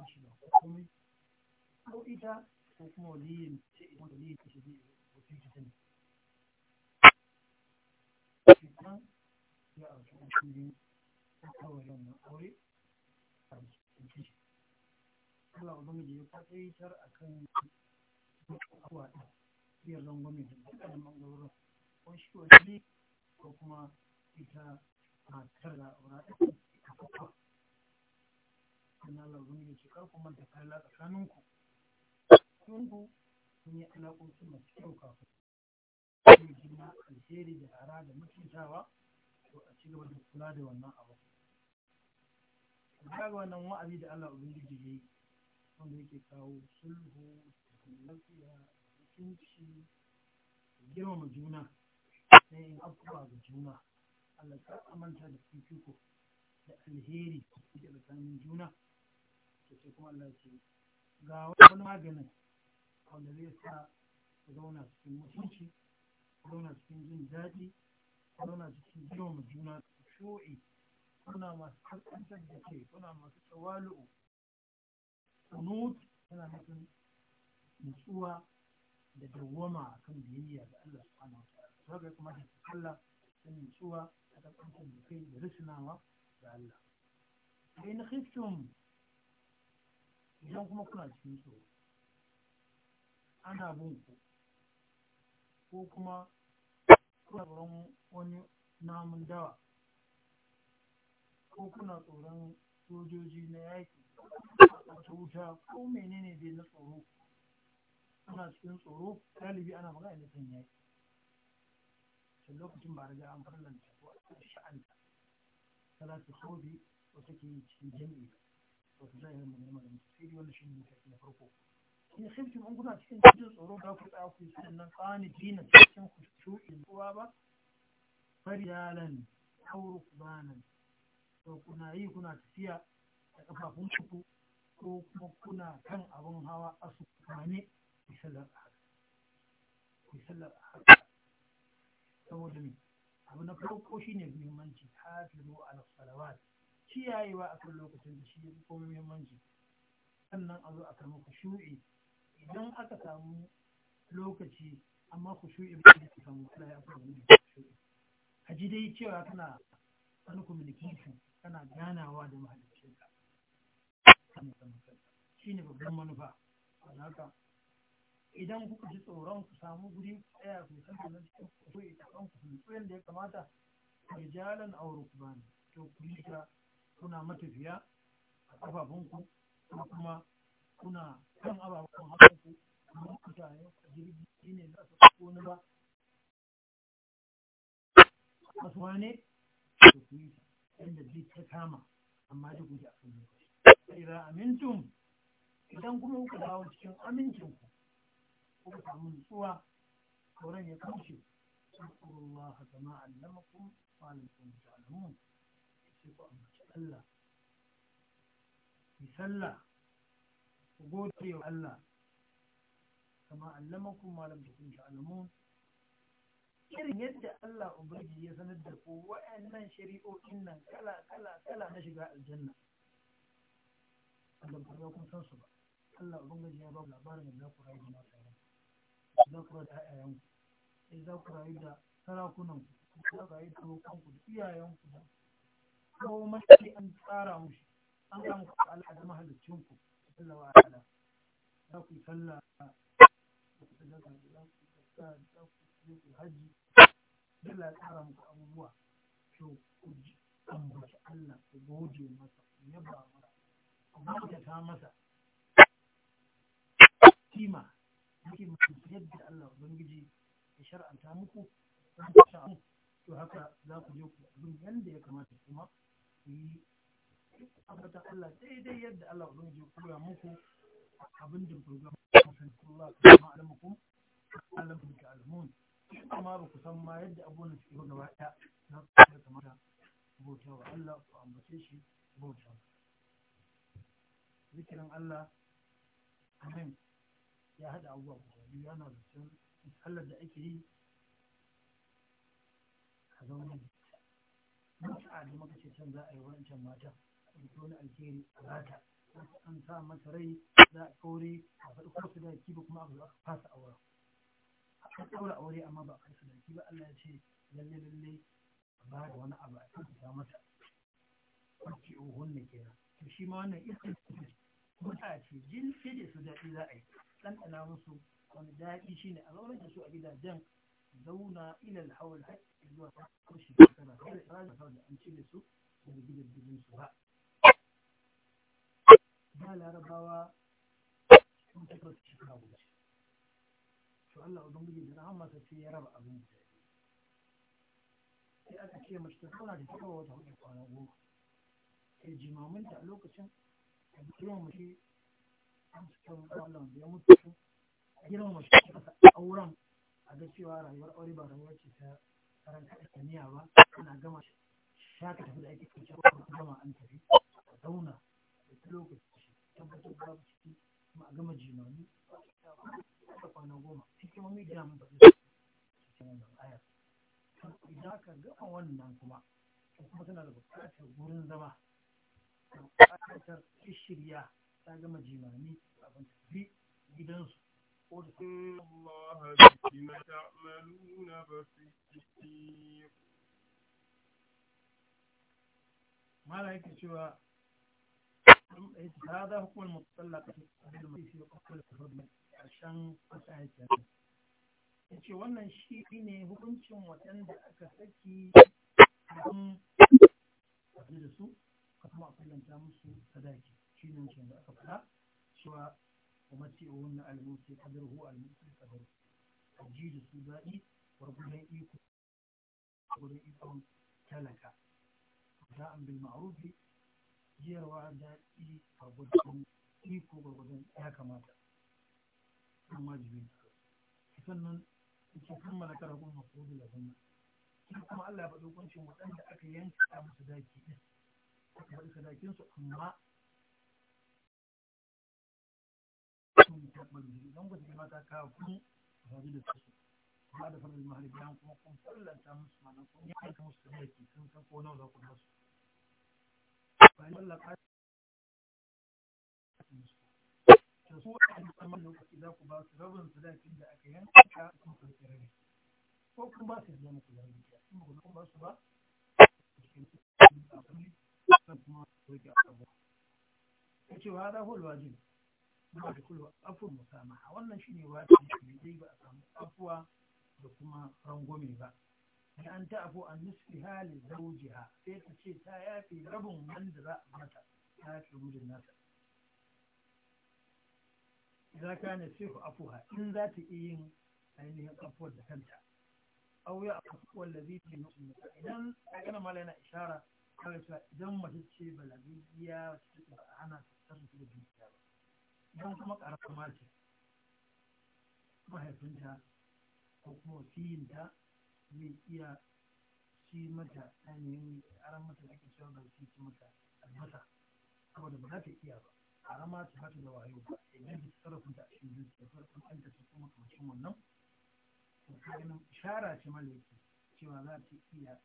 ba shi ba komai ko ita ko kuma waliyin ce idan ah, waliyin ta ta sani sannan a wasu asiri ta kawai wannan aure a jiki a kan abuwa ɗin biyar zan gwamnati da ɗan ɓangarorin ita matar da aura ɗin sannan Allah zai yi manta kalla tsakanin ku sun ku sun yi alaƙoƙi masu kyau kafin su yi juna alheri da ara da mutuntawa to a ci gaba da kula da wannan abu kaga wannan wa'azi da Allah ubangiji ya yi wanda yake kawo sulhu lafiya mutunci girmama juna na yin abubuwa ga juna Allah ta amanta da fifiko da alheri da tsakanin juna to sai kuma Allah ce ga wani maganin wanda zai sa zauna cikin mutunci zauna cikin jin daɗi zauna cikin juna shu'i kuna masu karkantar da ke kuna masu yana nufin nutsuwa da dawwama a kan biyayya da Allah subhanahu wa ta'ala ga kuma da Allah da nutsuwa da karkantar da kai da risinawa da Allah idan kuma kuna cikin tsoro ana bin ku ko kuma kuna tsoron wani namun dawa ko kuna tsoron sojoji na yaki a wuta ko menene dai na tsoro ana cikin tsoro galibi ana magana da kan yaki sai lokacin ba riga an farlanta ko a sha'anta salatu hobi wata ke cikin jami'i in khiftum an kuna cikin cikin tsoro da ku tsaya ku cikin nan qani dina cikin khushu'in kuwa ba Bari faridalan aw rukbanan to kuna yi kuna tafiya da kafafun ku ko kuma kuna kan abin hawa a su asukane ku sallar haka ku sallar haka saboda me abu na farko shine muhimmanci hafizu ala salawat kiyayewa kan lokacin da shi ya fi sannan a zo a ku kushu'i idan aka samu lokaci amma ku shuɗe ba ku samu kula ya fi wani a ji dai cewa kana wani communication kana ganawa da mahaliccinka shi ne babban manufa haka idan kuka ji tsoron ku samu guri tsaya ku san ku nan cikin ku ku tsoron ku tsoron da ya kamata rijalan ku bani to ku yi ta kuna matafiya a kafafunku ku kuma kuma kuna kan ababen hakan ku amma ku ta yau jirgi ne za su ko ni ba kasuwa ne ku yi inda zai ta kama amma duk wuce a kan lokaci idan amintum idan kuma kuka dawo cikin amincin ku kuka samu nutsuwa sauran ya kauce اذكروا الله كما علمكم وعلمكم تعلمون يوصيكم الله sallah ku gode wa Allah kama allamakum ma lam takun ta'lamun irin yadda Allah ubangi ya sanar da ku wa'annan shari'o'in nan kala kala kala na shiga aljanna Allah ba kun san su ba Allah ubangi ya ba labarin da ku rayu na tsaron da ku da ayyan ku za ku rayu da sarakunan ku da ku rayu da kanku da iyayen ku ko mashi an tsara mushi an kama ku Allah da mahalicin ku Allah wa ala za ku sallah za ku haji Allah ya tsara muku abubuwa to ku ji an ambaci Allah ku gode masa ku yaba masa ku bautata masa kima yake mutum, yadda Allah Ubangiji ya shar'anta muku to haka za ku je ku abin yadda ya kamata kuma ku yi ambatan Allah daidai yadda Allah zai ji koya muku abin da ku ga Allah kuma almukum alamun ka almun amma ba ku san ma yadda abubuwan suke ba gaba ɗaya na kuma kamata bauta wa Allah ku ambace shi bauta zikirin Allah amin ya haɗa abubuwa guda biyu yana da can misalar da ake yi a zaunin mutu'a da muka ce can za a yi wancan mata wani alheri a wasu an sa mata rai za a aure a faɗi ko sadaki ba kuma abu za a fasa aure a ɗaura aure amma ba a kai sadaki ba Allah ya ce lalle lalle ba da wani abu a kyautata mata wacce uhunna kenan to shi ma wannan iska mata ce jin sai da su daɗi za a yi ɗanɗana musu wani daɗi shi ne a zaunar da su a gidajen zauna ilal haul har zuwa ta karshe shekara har da an cire su daga gidan su ba da larabawa sun fi su cikin abinci to Allah ubangiji da rahama ta ce ya raba abinci sai aka ce mace ta zauna da kawai wata hudu kwana goma sai jimaminta a lokacin a girma mace an cikin kwallon da ya mutu a girma mace ta kasa auren a ga cewa rayuwar aure ba rayuwar ce ta karanta da kaniya ba ana gama shaka tafi da ake kwanci ko gama an tafi a zauna da ta lokaci tabbatar da ciki kuma a gama jimami a kwana goma hikimomi da mu bari cikin wannan ayar idan aka gama wannan kuma kuma tana da buƙatar wurin zama da buƙatar shirya ta gama jimami abin tafi gidansu الله بما تعملون بصير ما لا يكفي هذا هو المتطلق في kwakwal problem ƙarshen kusancin ya ce wannan shi ne hukuncin waɗanda aka saki don kwaɗi da su ka kuma a kallanta musu sadaki shi ne wancan da aka fara cewa umarci a wannan almusi kadar hu almusi kadar a ji da su zaɗi gwargwadon iko gwargwadon ikon talaka za a bil ma'arufi jiyarwa da gwargwadon iko gwargwadon ya kamata kan wajibi sannan ke kammala da sunna sai kuma Allah ya waɗanda aka yanka musu daki ɗin aka faɗi sadakin su amma don ba su mata da su ba da an kuma kun musu kun yanka musu daki sun san ko nawa za ku ba su bayan Allah wani lokaci za ku ba su rabin sadakin da aka yanka kuma ku rike rabi ko kun ba su zama ku zama dukiya kuma ba kun ba su ba san kuma ku rike abu ya ce wa hada hul wajib muna da kulwa afuwar musamaha wannan shine wajibi ne dai ba a samu afuwa da kuma rangwame ba sai an ta afu an nisfi hali zaujiha sai ta ce ta yafe rabin wanda za a mata ta yafe mijin nasa za ka ne sai ku afuha in za ta iya yin ainihin afuwar da kanta au a afuwar da zai ce idan a gana mala yana ishara kawai idan mace ce ba labiya wacce ba a hana ta su da ba idan kuma karama mace mahaifinta ko kuma wasiyinta zai iya ci mata ainihin aran mata da ake cewa ba su ci mata albasa saboda ba za ta iya ba a ce ba da wayo ba kara ce malaki cewa za ta iya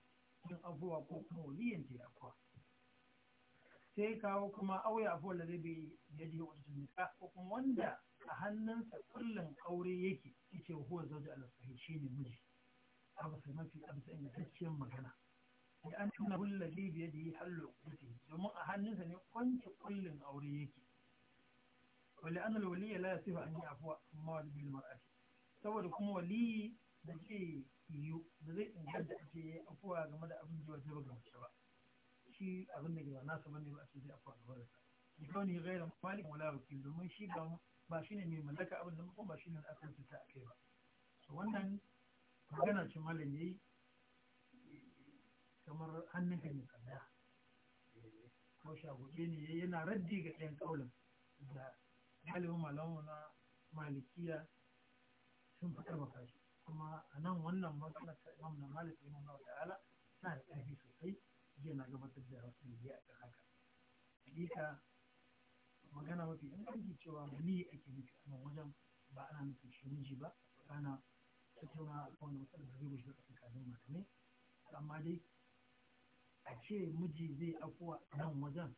yin afuwa ko kuma waliyan ta ya kuwa sai kawo kuma auya abuwa da zai bai yaji wa nika ko kuma wanda a hannunsa kullum aure yake yake huwa a alasahi shi ne miji abu bisa mafi a bisa ingantacciyar magana ya an tuna hulla zai biya da yi hallo kuti domin a hannunsa ne kwanci kullum aure yake wali an alwali ya la yasifa an yi afuwa amma wani bilmar ake saboda kuma waliyi da ke yiwu da zai inganta a ce ya yi afuwa game da abin da ba zai gamshe ba shi abin da ke ba nasa bane ba a ce zai afuwa game da sa ya kawo ne gairan malik wala wakil domin shi ga ba shi ne mai mallaka abin da kuma ba shi ne aka yi ta kai ba so wannan magana ce malam yayi kamar hannun ka ne sanda ko shagobe ne yana raddi ga ɗayan ƙaunin da galibin malamuna na malikiya sun fi karfafa shi kuma a nan wannan matsalar ta imam na malik imam na wata'ala tana da ƙarfi sosai na gabatar da wasu yi a kan haka hakika magana mafi ƙarfi cewa mani ake nufi a nan wajen ba ana nufin shi miji ba ta tattauna a kan wasu da zai wuce a tsakanin mata ne amma dai a ce miji zai afuwa a nan wajen